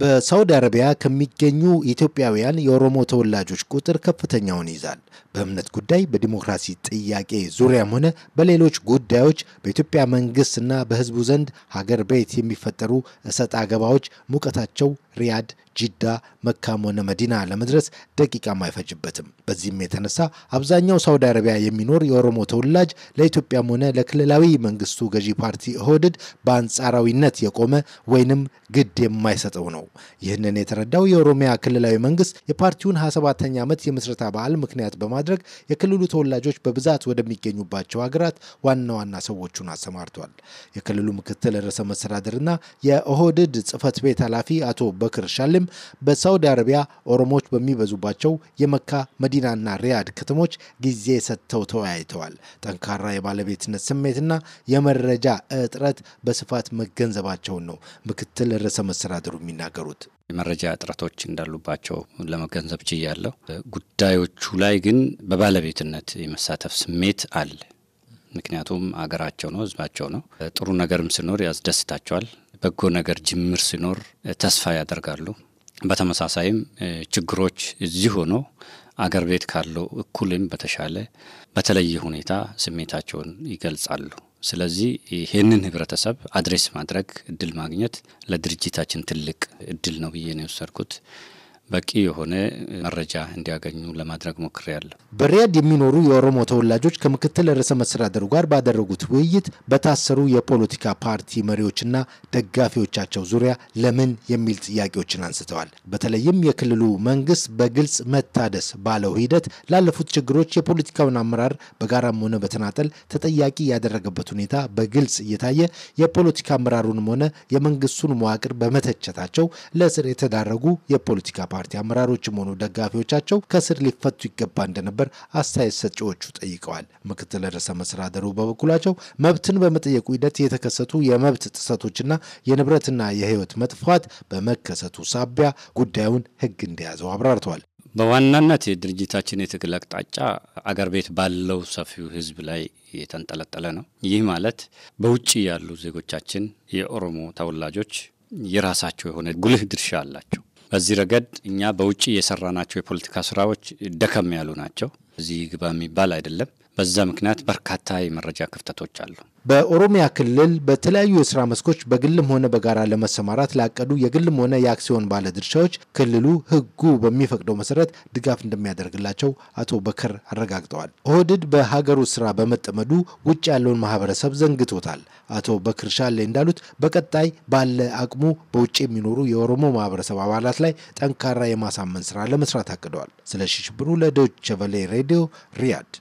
በሳውዲ አረቢያ ከሚገኙ ኢትዮጵያውያን የኦሮሞ ተወላጆች ቁጥር ከፍተኛውን ይዛል። በእምነት ጉዳይ፣ በዲሞክራሲ ጥያቄ ዙሪያም ሆነ በሌሎች ጉዳዮች በኢትዮጵያ መንግስት እና በህዝቡ ዘንድ ሀገር ቤት የሚፈጠሩ እሰጥ አገባዎች ሙቀታቸው ሪያድ ጂዳ፣ መካም ሆነ መዲና ለመድረስ ደቂቃም አይፈጅበትም። በዚህም የተነሳ አብዛኛው ሳውዲ አረቢያ የሚኖር የኦሮሞ ተወላጅ ለኢትዮጵያም ሆነ ለክልላዊ መንግስቱ ገዢ ፓርቲ ኦህዴድ በአንጻራዊነት የቆመ ወይንም ግድ የማይሰጠው ነው። ይህንን የተረዳው የኦሮሚያ ክልላዊ መንግስት የፓርቲውን 27ኛ ዓመት የምስረታ በዓል ምክንያት በማድረግ የክልሉ ተወላጆች በብዛት ወደሚገኙባቸው ሀገራት ዋና ዋና ሰዎቹን አሰማርቷል። የክልሉ ምክትል ርዕሰ መስተዳድርና የኦህዴድ ጽህፈት ቤት ኃላፊ አቶ በክር ሻሌም በተለይም በሳውዲ አረቢያ ኦሮሞዎች በሚበዙባቸው የመካ መዲናና ሪያድ ከተሞች ጊዜ ሰጥተው ተወያይተዋል። ጠንካራ የባለቤትነት ስሜትና የመረጃ እጥረት በስፋት መገንዘባቸውን ነው ምክትል ርዕሰ መስተዳድሩ የሚናገሩት። የመረጃ እጥረቶች እንዳሉባቸው ለመገንዘብ ችያለሁ። ጉዳዮቹ ላይ ግን በባለቤትነት የመሳተፍ ስሜት አለ። ምክንያቱም አገራቸው ነው፣ ህዝባቸው ነው። ጥሩ ነገርም ሲኖር ያስደስታቸዋል። በጎ ነገር ጅምር ሲኖር ተስፋ ያደርጋሉ። በተመሳሳይም ችግሮች እዚህ ሆኖ አገር ቤት ካለው እኩልም በተሻለ በተለየ ሁኔታ ስሜታቸውን ይገልጻሉ። ስለዚህ ይህንን ህብረተሰብ አድሬስ ማድረግ እድል ማግኘት ለድርጅታችን ትልቅ እድል ነው ብዬ ነው የወሰድኩት። በቂ የሆነ መረጃ እንዲያገኙ ለማድረግ ሞክሬያለሁ። በሪያድ የሚኖሩ የኦሮሞ ተወላጆች ከምክትል ርዕሰ መስተዳደሩ ጋር ባደረጉት ውይይት በታሰሩ የፖለቲካ ፓርቲ መሪዎችና ደጋፊዎቻቸው ዙሪያ ለምን የሚል ጥያቄዎችን አንስተዋል። በተለይም የክልሉ መንግስት በግልጽ መታደስ ባለው ሂደት ላለፉት ችግሮች የፖለቲካውን አመራር በጋራም ሆነ በተናጠል ተጠያቂ ያደረገበት ሁኔታ በግልጽ እየታየ የፖለቲካ አመራሩንም ሆነ የመንግስቱን መዋቅር በመተቸታቸው ለእስር የተዳረጉ የፖለቲካ ፓርቲ አመራሮችም ሆኑ ደጋፊዎቻቸው ከስር ሊፈቱ ይገባ እንደነበር አስተያየት ሰጪዎቹ ጠይቀዋል። ምክትል ርዕሰ መስተዳድሩ በበኩላቸው መብትን በመጠየቁ ሂደት የተከሰቱ የመብት ጥሰቶችና የንብረትና የህይወት መጥፋት በመከሰቱ ሳቢያ ጉዳዩን ህግ እንደያዘው አብራርተዋል። በዋናነት የድርጅታችን የትግል አቅጣጫ አገር ቤት ባለው ሰፊው ህዝብ ላይ የተንጠለጠለ ነው። ይህ ማለት በውጭ ያሉ ዜጎቻችን የኦሮሞ ተወላጆች የራሳቸው የሆነ ጉልህ ድርሻ አላቸው። በዚህ ረገድ እኛ በውጭ የሰራናቸው የፖለቲካ ስራዎች ደከም ያሉ ናቸው። እዚህ ግባ የሚባል አይደለም። በዛ ምክንያት በርካታ የመረጃ ክፍተቶች አሉ። በኦሮሚያ ክልል በተለያዩ የስራ መስኮች በግልም ሆነ በጋራ ለመሰማራት ላቀዱ የግልም ሆነ የአክሲዮን ባለድርሻዎች ክልሉ ሕጉ በሚፈቅደው መሰረት ድጋፍ እንደሚያደርግላቸው አቶ በከር አረጋግጠዋል። ኦህድድ በሀገር ውስጥ ስራ በመጠመዱ ውጭ ያለውን ማህበረሰብ ዘንግቶታል። አቶ በክር ሻሌ እንዳሉት በቀጣይ ባለ አቅሙ በውጭ የሚኖሩ የኦሮሞ ማህበረሰብ አባላት ላይ ጠንካራ የማሳመን ስራ ለመስራት አቅደዋል። ስለሺ ሽብሩ ለዶይቼ ቬለ ሬዲዮ ሪያድ